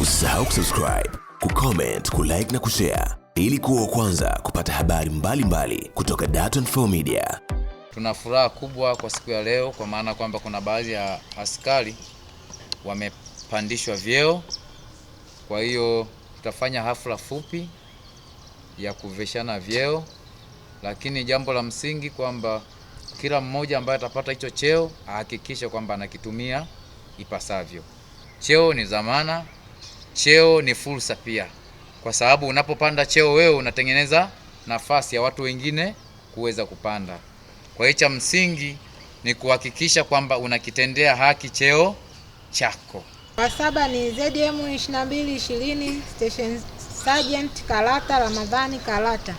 Usisahau kusubscribe, kucomment, kulike na kushare ili kuwa kwanza kupata habari mbalimbali mbali kutoka Dar24 Media. Tuna furaha kubwa kwa siku ya leo kwa maana kwamba kuna baadhi ya askari wamepandishwa vyeo. Kwa hiyo tutafanya hafla fupi ya kuveshana vyeo, lakini jambo la msingi kwamba kila mmoja ambaye atapata hicho cheo ahakikishe kwamba anakitumia ipasavyo. Cheo ni dhamana. Cheo ni fursa pia, kwa sababu unapopanda cheo wewe unatengeneza nafasi ya watu wengine kuweza kupanda. Kwa hiyo cha msingi ni kuhakikisha kwamba unakitendea haki cheo chako. Wa saba ni ZM 2220 Station Sergeant Karata Ramadhani Karata.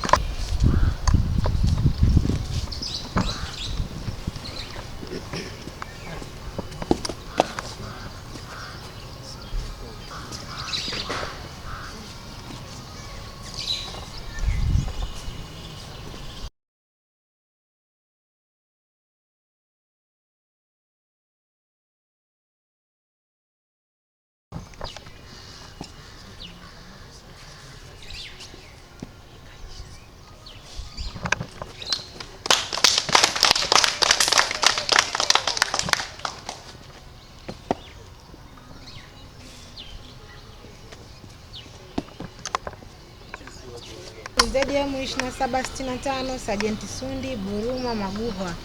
ZM 2765 Sajenti Sundi Buruma Maguha.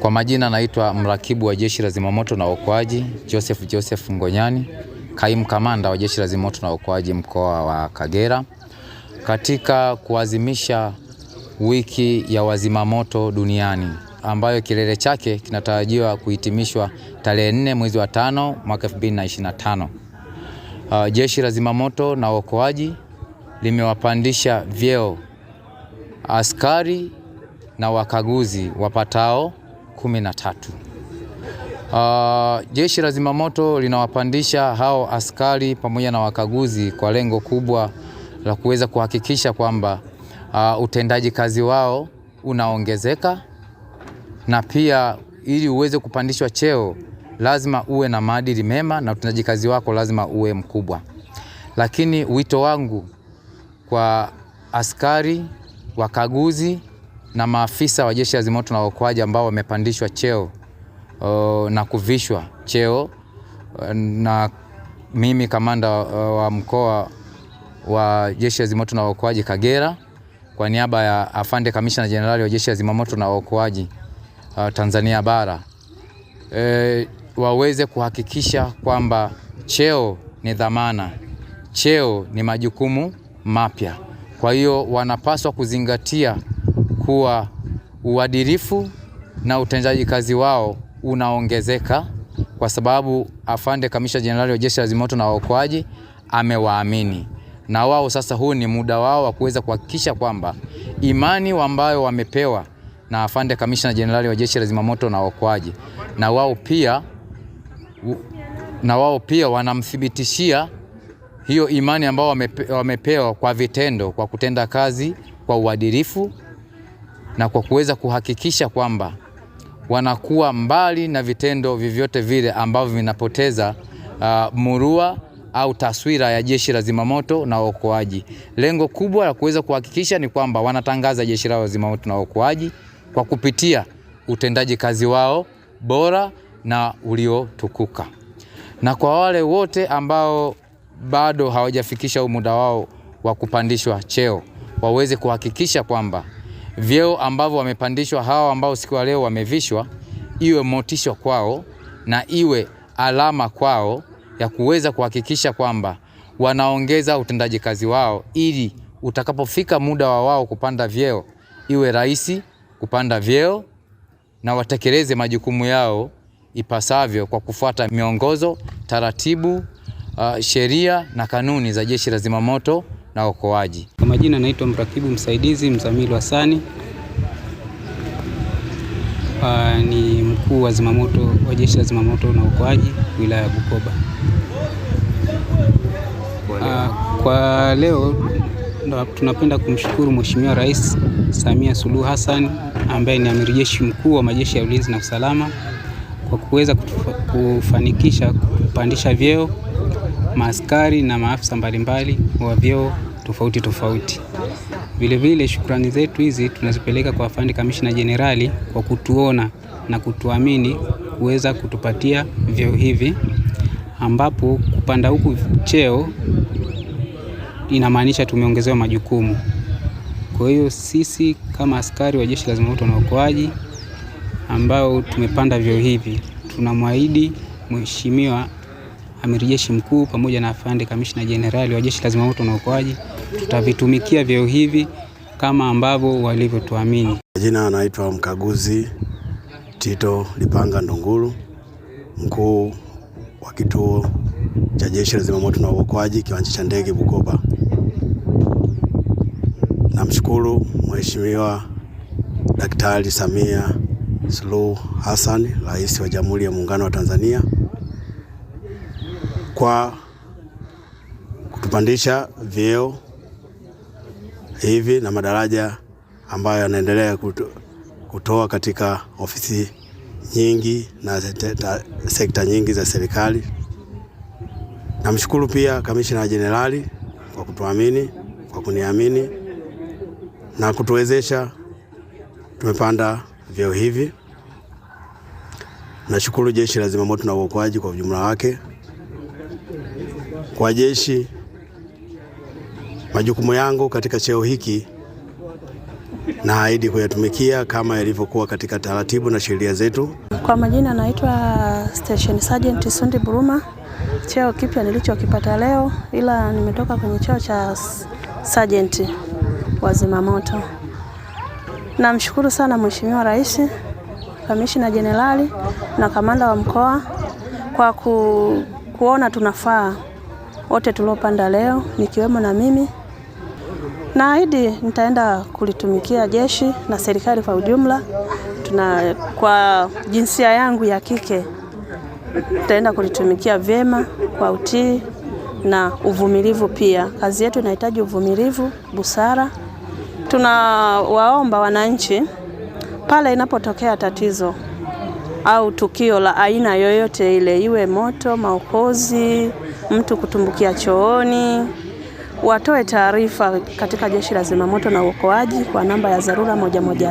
Kwa majina naitwa mrakibu wa jeshi la zimamoto na uokoaji Joseph Joseph Ngonyani, kaimu kamanda wa jeshi la zimamoto na uokoaji mkoa wa Kagera. Katika kuazimisha wiki ya wazimamoto duniani ambayo kilele chake kinatarajiwa kuhitimishwa tarehe nne mwezi wa tano mwaka 2025. Uh, jeshi la zimamoto na uokoaji limewapandisha vyeo askari na wakaguzi wapatao kumi na tatu. Uh, jeshi la zimamoto linawapandisha hao askari pamoja na wakaguzi kwa lengo kubwa la kuweza kuhakikisha kwamba uh, utendaji kazi wao unaongezeka na pia ili uweze kupandishwa cheo lazima uwe na maadili mema na utendaji kazi wako lazima uwe mkubwa. Lakini wito wangu kwa askari wakaguzi na maafisa wa jeshi la zimamoto na uokoaji ambao wamepandishwa cheo uh, na kuvishwa cheo uh, na mimi kamanda uh, wa mkoa wa jeshi la zimamoto na uokoaji Kagera kwa niaba ya afande kamishna jenerali wa jeshi la zimamoto na uokoaji uh, Tanzania bara e, waweze kuhakikisha kwamba cheo ni dhamana, cheo ni majukumu mapya. Kwa hiyo wanapaswa kuzingatia kuwa uadilifu na utendaji kazi wao unaongezeka kwa sababu afande Kamisha Jenerali wa Jeshi la Zimamoto na Waokoaji amewaamini na wao sasa, huu ni muda wao wa kuweza kuhakikisha kwamba imani ambayo wamepewa na afande Kamishna Jenerali wa Jeshi la Zimamoto na Waokoaji na wao pia, na wao pia wanamthibitishia hiyo imani ambayo wamepewa kwa vitendo, kwa kutenda kazi kwa uadilifu na kwa kuweza kuhakikisha kwamba wanakuwa mbali na vitendo vyovyote vile ambavyo vinapoteza uh, murua au taswira ya jeshi la zimamoto na uokoaji. Lengo kubwa la kuweza kuhakikisha ni kwamba wanatangaza jeshi lao la zimamoto na uokoaji kwa kupitia utendaji kazi wao bora na uliotukuka. Na kwa wale wote ambao bado hawajafikisha muda wao wa kupandishwa cheo, waweze kuhakikisha kwamba vyeo ambavyo wamepandishwa hawa ambao siku ya leo wamevishwa, iwe motisha kwao na iwe alama kwao ya kuweza kuhakikisha kwamba wanaongeza utendaji kazi wao, ili utakapofika muda wa wao kupanda vyeo iwe rahisi kupanda vyeo na watekeleze majukumu yao ipasavyo kwa kufuata miongozo, taratibu, uh, sheria na kanuni za Jeshi la Zimamoto na okoaji. Kwa majina naitwa mrakibu msaidizi Mzamili Hasani. Ah, ni mkuu wa zimamoto wa jeshi la zimamoto na okoaji wilaya ya Bukoba. Uh, kwa leo ah, tunapenda kumshukuru Mheshimiwa Rais Samia Suluhu Hassan ambaye ni amiri jeshi mkuu wa majeshi ya ulinzi na usalama kwa kuweza kufanikisha kupandisha vyeo maaskari na maafisa mbalimbali wa vyoo tofauti tofauti. Vilevile shukrani zetu hizi tunazipeleka kwa afande kamishna jenerali kwa kutuona na kutuamini kuweza kutupatia vyoo hivi, ambapo kupanda huku cheo inamaanisha tumeongezewa majukumu. Kwa hiyo sisi kama askari wa Jeshi la Zimamoto na Uokoaji ambao tumepanda vyoo hivi tunamwahidi mheshimiwa amiri jeshi mkuu pamoja na afande kamishna jenerali wa jeshi la zimamoto na uokoaji. Tutavitumikia vyeo hivi kama ambavyo walivyotuamini. Jina anaitwa mkaguzi Tito Lipanga Ndunguru, mkuu wa kituo cha jeshi la zimamoto na uokoaji kiwanja cha ndege Bukoba. Namshukuru Mheshimiwa Daktari Samia Suluhu Hassan, Rais wa Jamhuri ya Muungano wa Tanzania kwa kutupandisha vyeo hivi na madaraja ambayo yanaendelea kutoa katika ofisi nyingi na sekta nyingi za serikali. Namshukuru pia kamishina Jenerali kwa kutuamini, kwa kuniamini na kutuwezesha tumepanda vyeo hivi. Nashukuru Jeshi la Zimamoto na Uokoaji kwa ujumla wake kwa jeshi. Majukumu yangu katika cheo hiki naahidi kuyatumikia kama yalivyokuwa katika taratibu na sheria zetu. Kwa majina naitwa Station Sergeant Sundi Buruma. Cheo kipya nilichokipata leo, ila nimetoka kwenye cheo cha sergeant wa zimamoto. Namshukuru sana Mheshimiwa Rais, kamishina Jenerali na kamanda wa mkoa kwa ku, kuona tunafaa wote tuliopanda leo nikiwemo na mimi. Naahidi nitaenda kulitumikia jeshi na serikali kwa ujumla. Tuna kwa jinsia yangu ya kike, nitaenda kulitumikia vyema kwa utii na uvumilivu pia. Kazi yetu inahitaji uvumilivu, busara. Tunawaomba wananchi pale inapotokea tatizo au tukio la aina yoyote ile, iwe moto, maokozi, mtu kutumbukia chooni, watoe taarifa katika Jeshi la Zimamoto na Uokoaji kwa namba ya dharura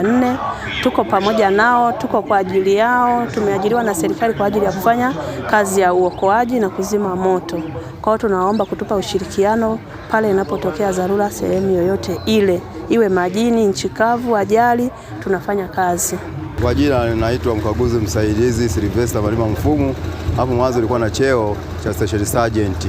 nne Tuko pamoja nao, tuko kwa ajili yao. Tumeajiriwa na serikali kwa ajili ya kufanya kazi ya uokoaji na kuzima moto. Kwa hiyo tunaomba kutupa ushirikiano pale inapotokea dharura sehemu yoyote ile, iwe majini, nchi kavu, ajali, tunafanya kazi. Kwa jina naitwa mkaguzi msaidizi Silvesta Malima Mfumu. Hapo mwanzo nilikuwa na cheo cha station sergeant.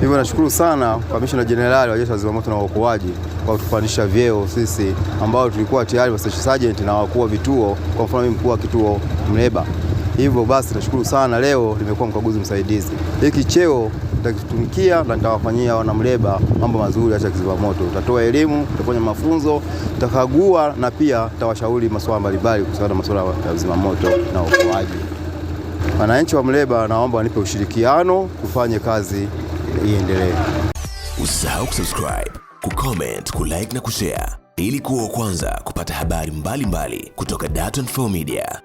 Hivyo nashukuru sana kamishna jenerali wa jeshi la zimamoto na uokoaji kwa kutupandisha vyeo sisi ambao tulikuwa tayari station sergeant na wakuu wa vituo, kwa mfano mimi mkuu wa kituo Mleba. Hivyo basi nashukuru sana leo nimekuwa mkaguzi msaidizi. Hiki cheo tutakitumikia na nitawafanyia wanamleba mambo mazuri. Acha kizima moto, utatoa elimu, tutafanya mafunzo, tutakagua na pia tutawashauri masuala mbalimbali kuhusiana na masuala ya kizima moto na uokoaji. Wananchi wa Mleba naomba wanipe ushirikiano kufanye kazi iendelee. Usisahau kusubscribe, kucomment, kulike na kushare ili kuwa wa kwanza kupata habari mbalimbali mbali kutoka Dar24 Media.